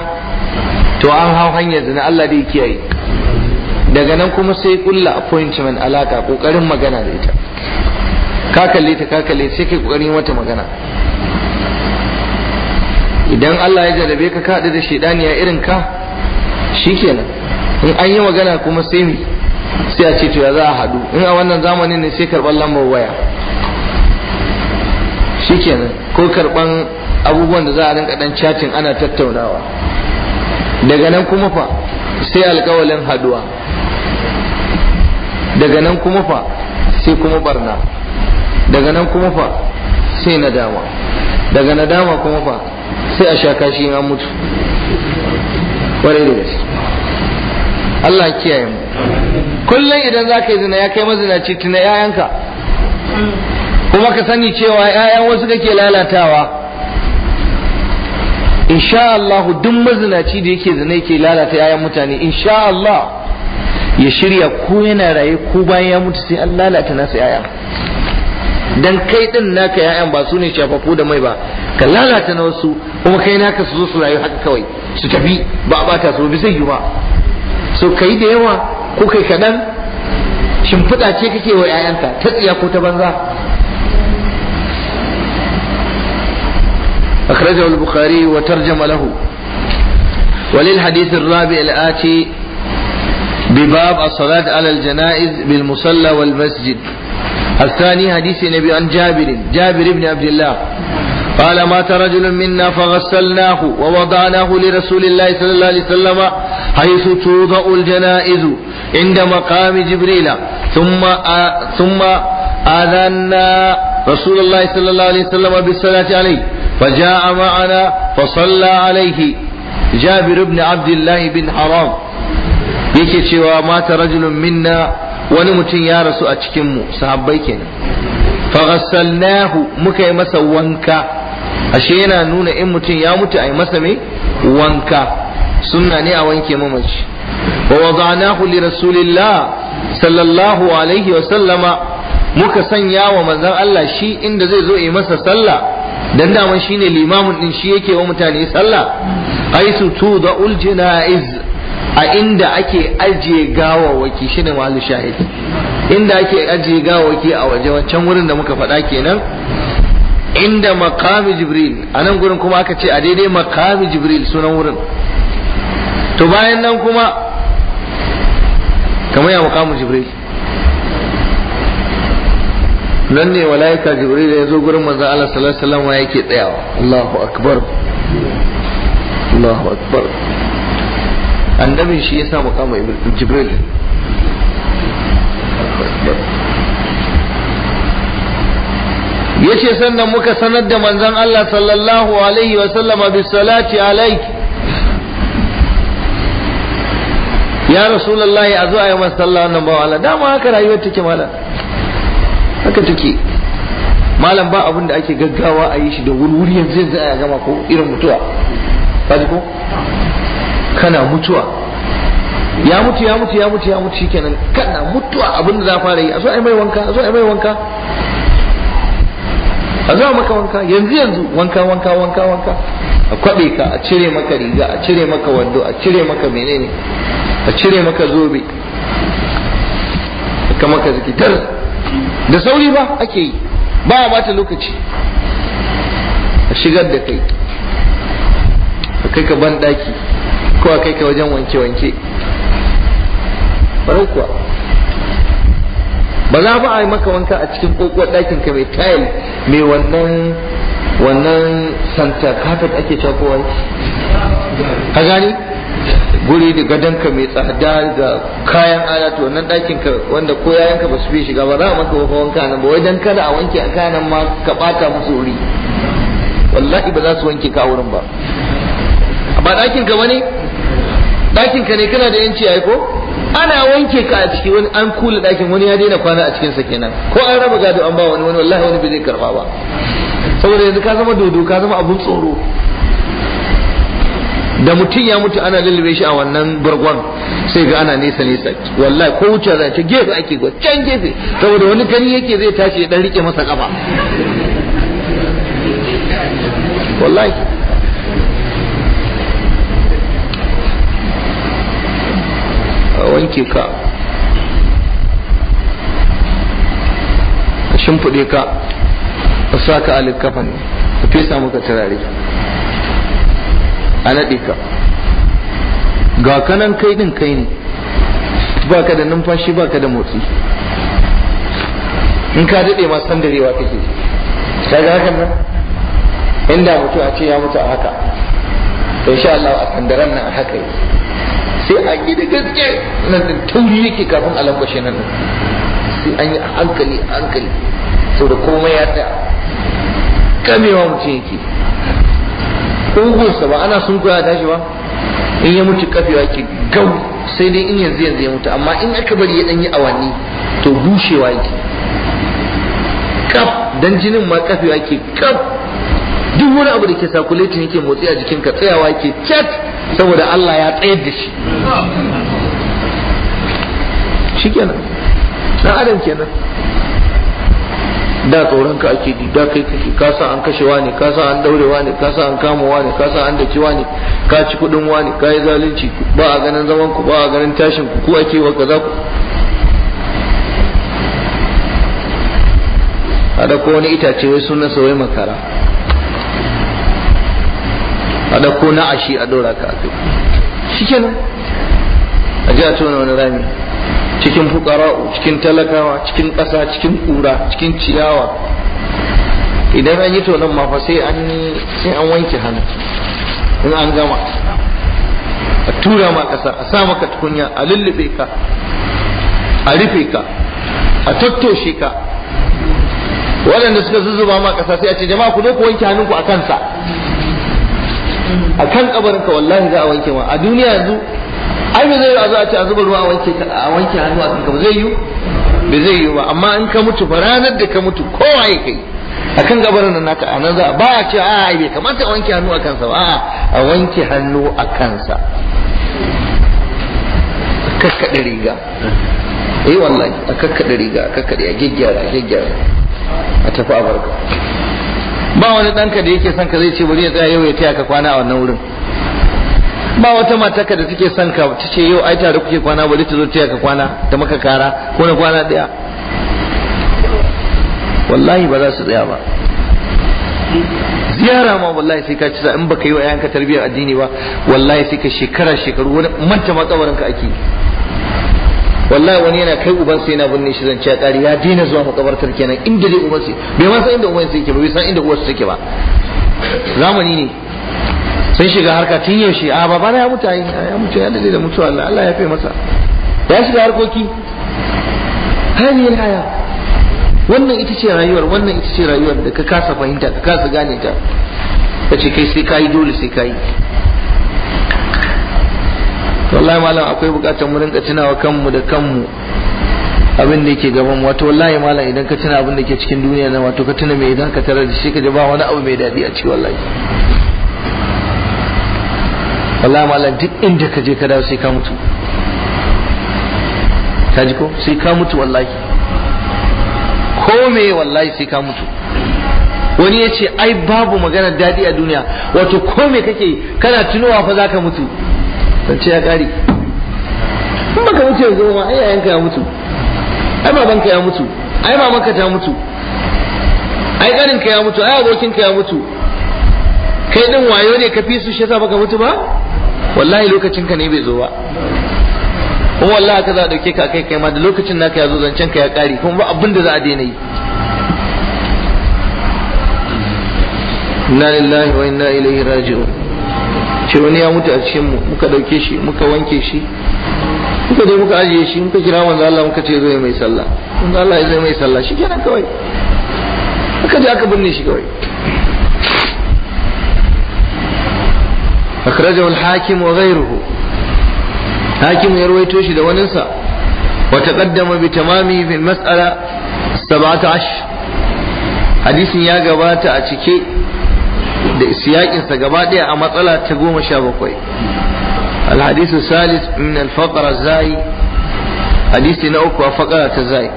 to an hau hanyar zina Allah dai kiyaye daga nan kuma sai kulla appointment alaka kokarin magana da ita ka kalle ta ka kalle sai kai kokarin wata magana idan Allah ya jarabe ka ka da a irin ka shikenan in an yi magana kuma sai mi sai a ce to ya za a haɗu in a wannan zamanin ne sai karɓar lambar waya shikenan ko karɓan abubuwan da za a rinka dan chatting ana tattaunawa daga nan kuma fa sai alkawalin haduwa daga nan kuma fa sai kuma barna daga nan kuma fa sai nadama daga nadama kuma fa sai a shaka shi an mutu kwarai da gaske Allah kiyaye mu kullum idan za ka yi zina ya kai mazinaci tuna 'ya'yanka kuma ka sani cewa 'ya'yan wasu kake lalatawa insha Allah duk mazinaci da yake zina yake lalata yayan mutane insha Allah ya shirya ko yana raye ko bayan ya mutu sai an lalata nasa yayan dan kai din naka yayan ba su ne shafafu da mai ba ka lalata na wasu kuma kai naka su zo su rayu haka kawai su tafi ba a bata su bi zai yi ba so kai da yawa ko kai kaɗan shimfiɗa ce kake wa yayanka ta tsiya ko ta banza أخرجه البخاري وترجم له وللحديث الرابع الآتي بباب الصلاة على الجنائز بالمصلى والمسجد الثاني حديث النبي عن جابر جابر بن عبد الله قال مات رجل منا فغسلناه ووضعناه لرسول الله صلى الله عليه وسلم حيث توضع الجنائز عند مقام جبريل ثم آ... ثم آذنا رسول الله صلى الله عليه وسلم بالصلاة عليه فجاء معنا فصلى عليه جابر بن عبد الله بن حرام yake cewa mata rajulun minna wani mutum ya rasu a cikinmu sahabbai kenan faghassalnahu muka masa wanka ashe yana nuna in mutum ya mutu a yi masa mai wanka sunna ne a wanke mamaci wa wada'nahu li rasulillah sallallahu alaihi wa sallama muka sanya wa manzon Allah shi inda zai zo yi masa sallah dan daman shine limamin din shi yake wa mutane sallah aisu tu da uljinaiz a inda ake ajiye gawawaki shine mahallu shahid inda ake ajiye gawawaki a waje wancan wurin da muka faɗa kenan inda makami jibril a nan gurin kuma aka ce a daidai makami jibril sunan wurin to bayan nan kuma kamar ya makamu jibril nan ne malaika jibril ya zo gurin manzo Allah sallallahu alaihi wasallam yake tsayawa Allahu akbar Allahu akbar annabi shi ya sa mukama jibril ya ce sannan muka sanar da manzan Allah sallallahu alaihi wasallama salati alayki ya rasulullahi a zuwa sallallahu alaihi wasallam bawa Allah dama haka rayuwar take malam haka take malam ba abin da ake gaggawa a yi shi da wuri yanzu yanzu a gama ko irin mutuwa kaji ko kana mutuwa ya mutu ya mutu ya mutu ya mutu shikenan kana mutuwa abin da za fara yi a zo a mai wanka a zo a mai wanka a zo maka wanka yanzu yanzu wanka wanka wanka wanka a kwabe ka a cire maka riga a cire maka wando a cire maka menene a cire maka zobe ka maka zikitar da sauri ba ake yi ba a bata lokaci a shigar da kai a kai ka ban daki ko a kai ka wajen wanke-wanke farau kuwa ba za ba a yi maka wanka a cikin kokowar dakin ka mai tile mai wannan wannan santa carpet ake cewa kowai a gani guri da gadonka mai tsada da kayan alatu wannan ɗakin ka wanda ko yayanka ba su fi shiga ba za a maka wafa wanka nan ba wai dan kada a wanke a kanan ma ka ɓata musu wuri wallahi ba za su wanke ka wurin ba ba ɗakin ka wani ɗakin ka ne kana da yanci ai ko ana wanke ka a ciki wani an kula ɗakin wani ya daina kwana a cikin sa kenan ko an raba gado an ba wani wani wallahi wani bai zai karɓa ba saboda yanzu ka zama dodo ka zama abun tsoro da mutum ya mutu ana lullube shi a wannan gurgwan sai ga ana nesa nesa wallahi ko wuce za ta gefe ake gwa can gefe saboda wani gani yake zai tashi ya dan rike masa kafa wallahi a wanke ka a shimfiɗe ka a sa ka ne a fesa maka turare a naɗe ka ga kanan kai din kai ne ba ka da numfashi ba ka da motsi in ka daɗe ma san darewa kake ka ga hakan nan inda mutu a ce ya mutu a haka to insha Allah a sandaran nan a haka yi sai an yi da gaske nan da tauri yake kafin a lambashe nan sai an yi a hankali a hankali saboda komai ya tsaya kamewa mutum yake ugunsa ba ana sun a tashi ba in ya mutu kafi wa ke gau sai dai in yanzu yanzu ya mutu amma in aka bari ya ɗanyi awanni to bushewa yake kaf dan jinin ma kafi wa ke kaf duk wani abu da ke sakuletin yake motsi a jikinka tsayawa yake cat saboda Allah ya tsayar da shi kenan dan adam kenan da tsoron ka ake di da kai kake ka sa an kashewa ne ka sa an daurewa ne ka sa an wa ne ka sa an wa ne ka ci kudin ne ka yi zalunci ba a ganin zaman ku ba a ganin tashin ku ku ake wa kaza ku ada ko wani itace wai sunan sauye makara ada ko na ashi a dora ka a kai shikenan aje a tona wani rami cikin fukara'u cikin talakawa cikin ƙasa cikin kura cikin ciyawa idan an yi tonon mafa sai an sai an wanke hannu in an gama a tura ma ƙasa a sa maka tukunya a lullube ka a rufe ka a tattoshe ka waɗanda suka zuzzuba ma ƙasa sai a ce jama'a ku zo ku wanke hannunku a kansa a kan kabarinka wallahi za a wanke ma a duniya yanzu ai ba zai yi a za a ce a zuba ruwa a wanke hannu a kanka ba zai yi ba zai yi ba amma in ka mutu ba ranar da ka mutu kowa ya kai kan gabarin nan naka anan za ba a ce a bai kamata a wanke hannu a kansa ba a wanke hannu a kansa kakkaɗe riga eh wallahi a kakkaɗe riga a kakkaɗe a gyaggyara a gyaggyara a tafi a barka ba wani ɗanka da yake son ka zai ce bari ya tsaya yau ya taya ka kwana a wannan wurin ba wata ka da take son ka ta ce yau ai tare kuke kwana bari ta zo ta ka kwana ta maka kara ko na kwana daya wallahi ba za su tsaya ba ziyara ma wallahi sai ka ci in baka yi wa yanka tarbiyyar addini ba wallahi sai ka shekara shekaru wani manta ma kabarin ka ake wallahi wani yana kai uban sai yana binne shi zance ya kare ya daina zuwa makabartar kenan inda dai uban sai bai ma san inda uban sai yake ba bai san inda uwar yake ba zamani ne sun shiga harka tun yaushe a baba na ya mutu ayi ya mutu ya dade da mutuwa Allah Allah ya fi masa ya shiga harkoki hali haya wannan ita ce rayuwar wannan ita ce rayuwar da ka kasa fahimta ka kasa gane ta ka ce kai sai kayi dole sai kayi wallahi malam akwai bukatar mu rinka tunawa kanmu da kanmu abin da yake gaban wato wallahi malam idan ka tuna abin da ke cikin duniya nan wato ka tuna me idan ka tarar da shi ka ba wani abu mai dadi a ci wallahi wallahi malam duk inda ka je ka dawo sai ka mutu ka ji ko sai ka mutu wallahi ko me wallahi sai ka mutu wani ya ce ai babu magana daɗi a duniya wato ko me kake kana tunowa fa za ka mutu ce ya ƙari in baka mutu yanzu ma ai yayanka ya mutu ai babanka ya mutu ai mamanka ta mutu ai ƙaninka ya mutu ai abokinka ya mutu kai din wayo ne ka fi su shi yasa baka mutu ba wallahi lokacin ka ne bai zo ba ko wallahi ka za dauke ka kai kai ma da lokacin naka ya zo zancen ka ya kare kuma ba abin da za a daina yi inna lillahi wa inna ilaihi raji'un ce wani ya mutu a cikin mu muka dauke shi muka wanke shi muka je muka ajiye shi muka kira manzo Allah muka ce zai mai sallah manzo Allah ya zai mai sallah shikenan kawai aka je aka binne shi kawai akhrajahu al-hakim wa ghayruhu hakim ya rawaito shi da waninsa wa taqaddama bi tamami fi al-mas'ala 17 hadisin ya gabata a cike da siyakinsa gaba daya a matsala ta goma sha bakwai الحديث الثالث من الفقرة الزاي حديث نوك وفقرة الزاي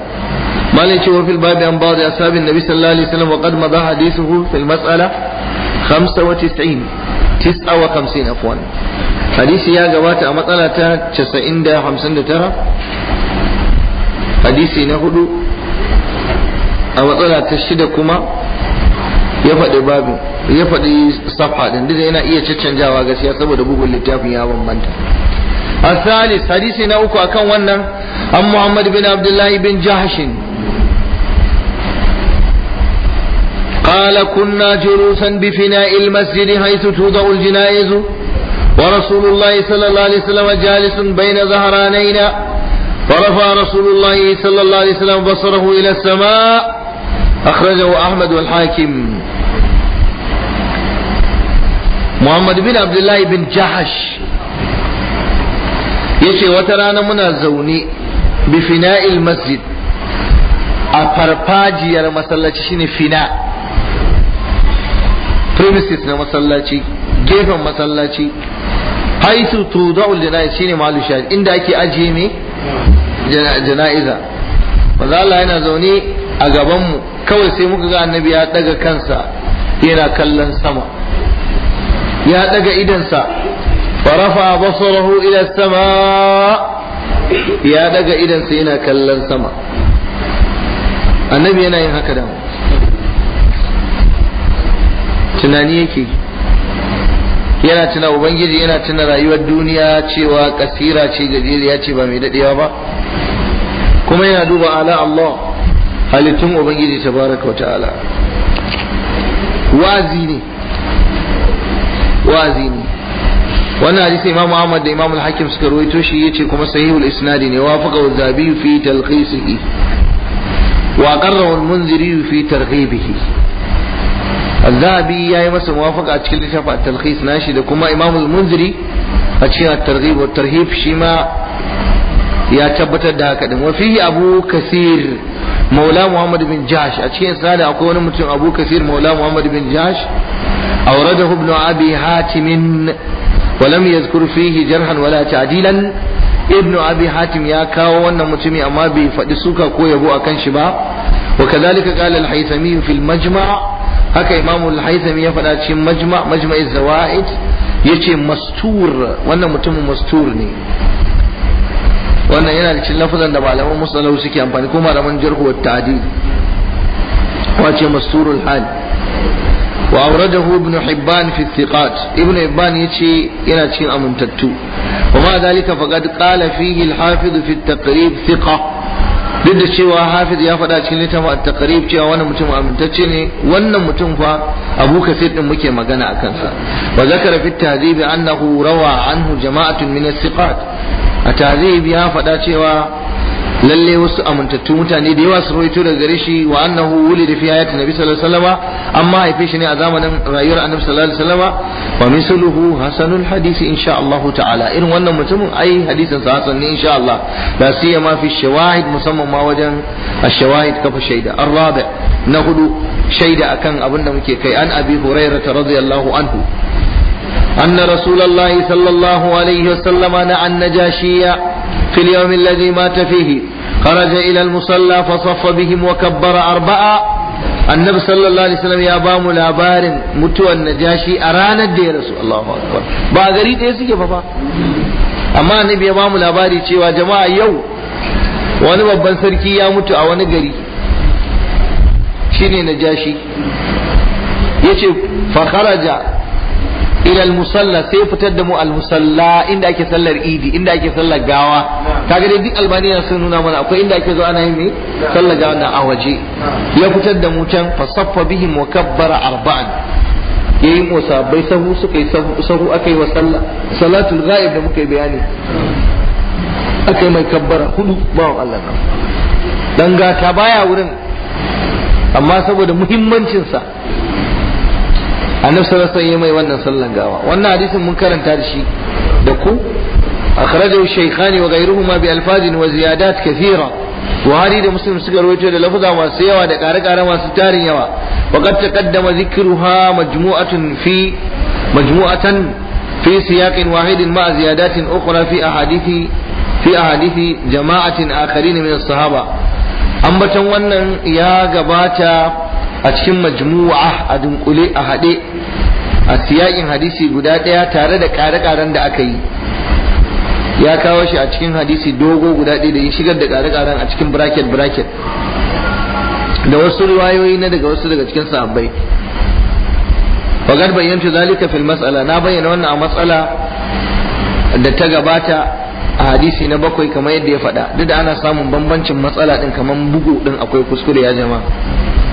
ما ليش في الباب عن بعض أصحاب النبي صلى الله عليه وسلم وقد مضى حديثه في المسألة 95 tis'a afwan hadisi ya gabata a matsala ta 959 hadisi na hudu a matsala ta shida kuma ya faɗi babin ya faɗi safa din duk yana iya caccanjawa gaskiya saboda bugun littafin ya bambanta الثالث حديث نوكو أكون ونن عن محمد بن عبد الله بن جهش قال كنا جلوسا بفناء المسجد حيث توضع الجنائز ورسول الله صلى الله عليه وسلم جالس بين ظهرانينا فرفع رسول الله صلى الله عليه وسلم بصره إلى السماء أخرجه أحمد والحاكم محمد بن عبد الله بن جحش يشي وترانا منا زوني بفناء المسجد fina'il يا a farfajiyar masallaci premises na masallaci gefen masallaci haitu tudau jana'iz shine malu shahid inda ake ajiye me jana'iza manzo Allah yana zaune a gaban mu kawai sai muka ga annabi ya daga kansa yana kallon sama ya daga idansa farafa basarahu ila sama ya daga idansa yana kallon sama annabi yana yin haka da mu tunani yake yana tuna ubangiji yana tuna rayuwar duniya cewa kasira ce gajeriya ce ba mai dadewa ba kuma yana duba ala Allah halittun ubangiji tabaraka wa ta'ala wazi ne wazi ne wannan hadisi imam muhammad da imam al-Hakim suka ruwaito shi yace kuma sahihul isnadi ne wafaqa az-Zabi fi talqisihi wa qarrahu al-Munziri fi targhibihi الذهبي يا مس موافق a cikin littafin at-talkhis nashi da kuma Imam al-Munziri a cikin at-targhib wa tarhib shi ma ya tabbatar da haka din wa fihi Abu Kasir Maula Muhammad bin Jash a cikin sanada akwai wani mutum Abu Kasir Maula Muhammad bin Jash awradahu ibn Abi Hatim ولم يذكر فيه جرحا ولا تعديلا ابن ابي حاتم يا كاو wannan mutumi amma bai faɗi suka ko yabo kan shi ba وكذلك قال الحيثمي في المجمع haka imamu al-haythami ya faɗa cikin majma majma'i zawaid yace mastur wannan mutumin mastur ne wannan yana da cikin lafazan da malaman musallau suke amfani ko malaman jarhu wa ta'dil wace masturul hal wa awradahu ibn hibban fi thiqat ibn hibban yace yana cikin amintattu wa ma dalika faqad qala fihi al-hafiz fi at-taqrib thiqa duk da cewa hafiz ya faɗa cikin littafin at-taqrib cewa wannan mutum amintacce ne wannan mutum fa abu kasir din muke magana akan sa wa zakara fi tahzib annahu rawa anhu jama'atun min as-siqat a tahzib ya faɗa cewa lalle wasu amintattu mutane da yawa sun rawaito daga gare shi wa annahu wulida fi hayati nabi sallallahu alaihi wasallam amma haife shi ne a zamanin rayuwar annabi sallallahu alaihi wasallam wa misluhu hasanul hadisi insha allahu ta'ala irin wannan mutumin ai hadisin sa hasan ne insha Allah da sai ma fi shawahid musamman ma wajen ash-shawahid kafa shaida ar-rabi na hudu shaida akan abin da muke kai an abi hurairah radiyallahu anhu أن رسول sallallahu alaihi الله عليه وسلم نعى النجاشية في اليوم الذي مات فيه خرج إلى المصلى فصف بهم وكبر أربعة النبي صلى الله عليه وسلم يا بام لابار متوى النجاشي أرانا دي رسول الله أكبر باغري دي سيكي بابا أما النبي يا بام لاباري تشيوا جماعة يو wani babban sarki ya mutu a wani gari shine najashi yace fa kharaja ila musalla sai fitar da mu al-musalla inda ake sallar idi inda ake sallar gawa kaga dai duk albaniya sun nuna mana akwai inda ake zo ana yin me sallar gawa na a waje ya fitar da mu can fa saffa bihim wa kabbara arba'an yayi bai sahu suka yi sahu aka yi wa sallah salatul ghaib da muka yi bayani aka yi mai kabbara hudu bawan Allah nan dan gata baya wurin amma saboda muhimmancinsa annabi sallallahu alaihi mai wannan sallan gawa wannan hadisin mun karanta da shi da ku akhrajahu shaykhani wa ghayruhuma bi alfazin wa ziyadat kathira Buhari da Muslim suka rawaito da lafuza masu yawa da kare-kare masu tarin yawa wa qad taqaddama dhikruha majmu'atun fi majmu'atan fi siyaqin wahidin ma'a ziyadatin ukhra fi ahadithi fi ahadithi jama'atin akharin min as-sahaba ambaton wannan ya gabata a cikin majmu'a a dunkule a haɗe a siyakin hadisi guda ɗaya tare da ƙare-ƙaren da aka yi ya kawo shi a cikin hadisi dogo guda ɗaya da ya shigar da ƙare-ƙaren a cikin bracket bracket da wasu riwayoyi na daga wasu daga cikin sahabbai wagar bayyantu zalika fil mas'ala na bayyana wannan a matsala da ta gabata a hadisi na bakwai kamar yadda ya faɗa duk da ana samun bambancin matsala ɗin kamar bugu din akwai kuskure ya jama'a.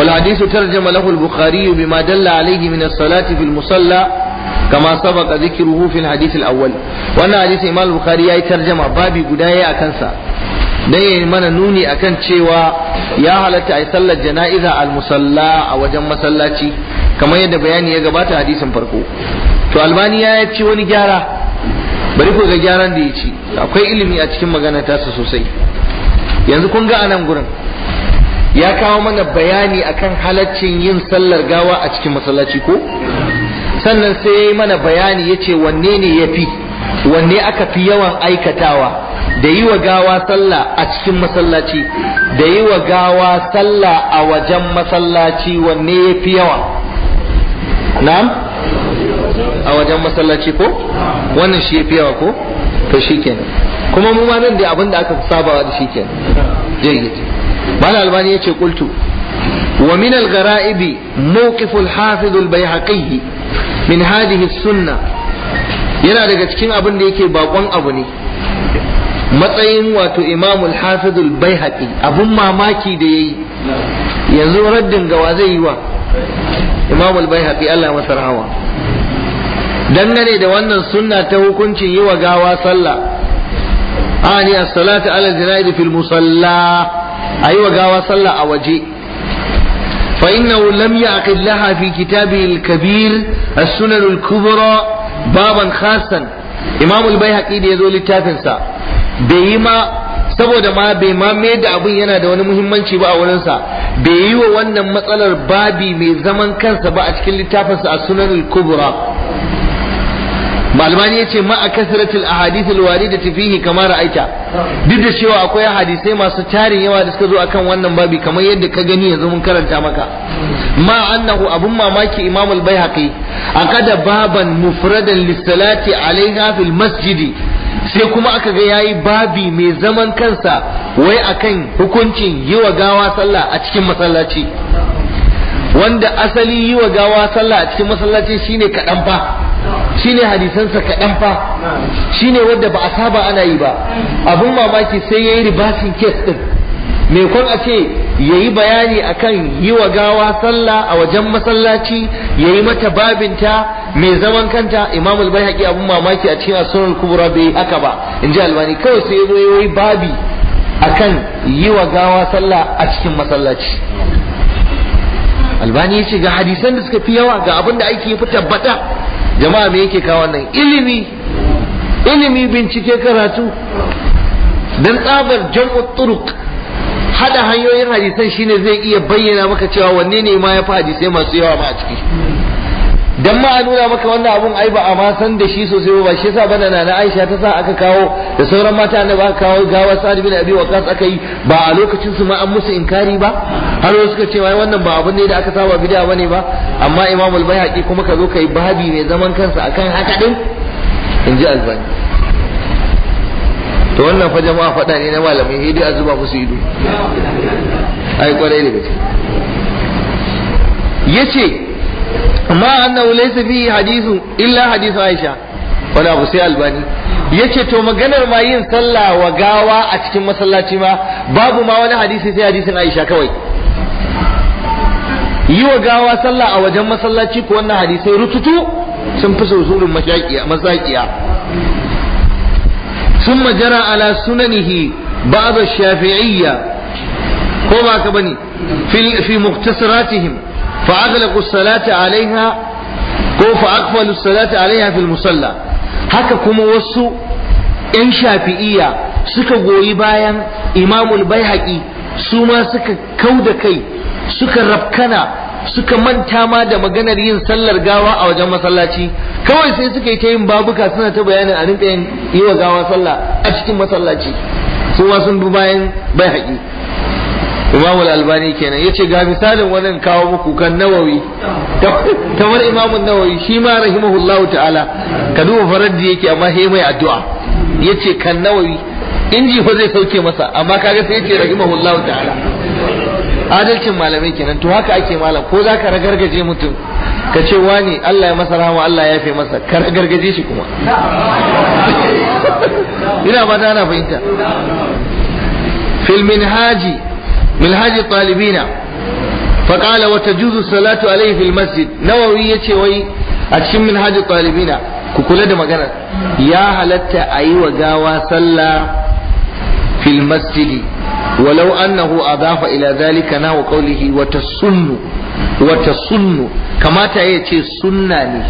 والحديث ترجم له البخاري بما دل عليه من الصلاة في المصلى كما سبق ذكره في الحديث الأول وأن حديث إمام البخاري أي ترجمة بابي قداية أكنسا دي من نوني أكن تشيوا يا هلت أي صلى الجنائز على المصلى أو جم مسلاتي كما يد بياني يقبات حديث فرقو تو ألبانيا يتشي ونجارة bari ku ga gyaran da ya ci akwai ilimi a cikin magana tasa sosai yanzu kun ga anan gurin ya kawo mana bayani akan halaccin yin sallar gawa a cikin masallaci ko sannan sai ya yi mana bayani ya ce wanne ne ya fi wanne aka fi yawan aikatawa da yi wa gawa sallah a cikin masallaci da yi wa gawa sallah a wajen masallaci wanne ya fi yawa na'am a wajen masallaci ko wannan shi ya fi yawa ko to kenan, kuma mu ma nan da abin da aka sabawa da kenan jirgin malam albani yace kultu wa min al garaibi mawqif al-hafiz al-bayhaqi min hadhihi sunna yana daga cikin abin da yake bakon abu ne matsayin wato imamu al-hafiz al-bayhaqi abun mamaki da yayi yanzu raddin wa zai yi wa imamu al-bayhaqi Allah masa rahama dangane da wannan sunna ta hukuncin yi wa gawa sallah ani as-salatu ala al fil musalla a yi wa gawa sallah a waje Al-Kabir, لم يعقد لها في كتابه الكبير السنن الكبرى بابا خاصا إمام البيهقي دي Bai yi ma saboda ma bai ma mai da abin yana da wani muhimmanci ba a wurinsa bai yi wa wannan matsalar babi mai zaman kansa ba a cikin littafinsa a sunan kubra malmani ya ce ma'a kasratil ahadithil da fihi kama ra'aita duk da cewa akwai hadisai masu tarin yawa da suka zo akan wannan babi kamar yadda ka gani yanzu mun karanta maka ma annahu abun mamaki imam al A kada baban mufradan lis-salati alaiha fil masjidi sai kuma aka ga yayi babi mai zaman kansa wai akan hukuncin yi wa gawa sallah a cikin masallaci wanda asali yi wa gawa sallah a cikin masallaci shine kaɗan fa shine hadisansa kaɗan fa shine wanda ba a saba ana yi ba abun mamaki sai ya yi ribasin kes ɗin me kwan a ce ya yi bayani akan yi wa gawa sallah a wajen masallaci ya yi mata babinta mai zaman kanta imamul bai bayhaqi abun mamaki a cikin asunan kubura bai aka ba in ji albani kawai sai ya yi babi akan yi wa gawa sallah a cikin masallaci albani ya ce ga hadisan da suka fi yawa ga abin da aiki ya fi tabbata jama'a me yake kawo wannan ilimi ilimi bincike karatu dan tsabar jam'u turuq hada hanyoyin hadisan shine zai iya bayyana maka cewa wanne ne ma ya fi hadisai masu yawa ma a ciki dan ma a nuna maka wannan abun ai ba a ma san da shi sosai ba shi yasa bana na Aisha ta sa aka kawo da sauran mata annabi aka kawo gawa Sa'd bin Abi Waqqas aka yi ba a lokacin su ma an musu inkari ba har wasu suka ce wai wannan ba abin ne da aka saba bid'a bane ba amma imamu al-Baihaqi kuma ka zo kai babi mai zaman kansa akan haka din in ji Albani to wannan fa jama'a faɗa ne na malamai dai a zuba musu ido ai kwarai da gaske yace amma annahu laysa fi hadithu illa hadithu Aisha wani abu sai Albani yace to maganar ma yin sallah wa gawa a cikin masallaci ma babu ma wani hadisi sai hadisin Aisha kawai yi wa gawa sallah a wajen masallaci ko wannan hadisai rututu sun fi sausurin masakiya sun majara ala sunanihi ba'd shafi'iyya ko ba ka bani, fi muktasaratihim fa aghlaqu as alaiha ko fa aqfalu as alaiha fil musalla haka kuma wasu 'yan shafi'iyya suka goyi bayan imamul bai su ma suka kauda kai suka rafkana suka manta ma da maganar yin sallar gawa a wajen masallaci kawai sai suka yi ta yin babuka suna ta bayanin a rinka yin yi wa gawa sallah a cikin masallaci su ma sun bi bayan bai haƙi imam albani kenan yace ga misalin wannan kawo muku kan nawawi kamar imamul nawawi shi ma rahimahullahu ta'ala ka duba faraddi yake amma he mai addu'a yace kan nawawi inji fa zai sauke masa amma kaga sai yace rahimahullahu ta'ala adalcin malamai kenan to haka ake malam ko za ka ragargaje mutum ka ce wani Allah ya masa rahama Allah ya fi masa ka ragargaje shi kuma ina ba ana fahimta fil minhaji minhaji talibina fa qala wa salatu alayhi fil masjid nawawi yace wai a cikin minhaji talibina ku kula da magana ya halatta ayi wa gawa sallah fil walau annahu adafa ila zalika na wa qawlihi wa tasunnu wa kamata ya ce sunna ne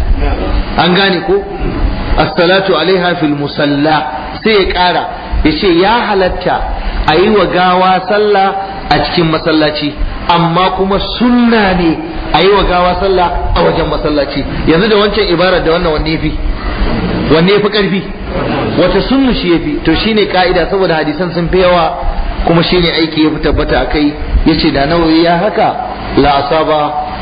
an gane ko as-salatu alaiha fil musalla sai ya ƙara ya ce ya halatta a yi wa gawa salla a cikin masallaci amma kuma sunna ne a yi gawa salla a wajen masallaci yanzu da wancan ibarar da wannan wanne fi wanne fi karfi wata sunnu shi yafi to shine ka'ida saboda hadisan sun fi yawa kuma shine aiki ya fi tabbata a kai ya ce da nawa ya haka la asaba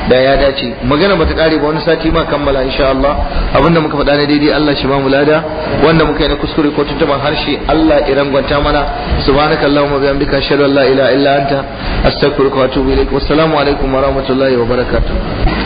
da ya dace magana bata kare ba wani sati ma kammala insha Allah abinda muka faɗa ne daidai Allah shi ba mu lada wanda muka yi na kuskure ko tuntuban harshe Allah iran gwanta mana subhanaka allahumma bihamdika ashhadu an la ilaha illa anta astaghfiruka wa atubu ilaik wassalamu alaikum wa rahmatullahi wa barakatuh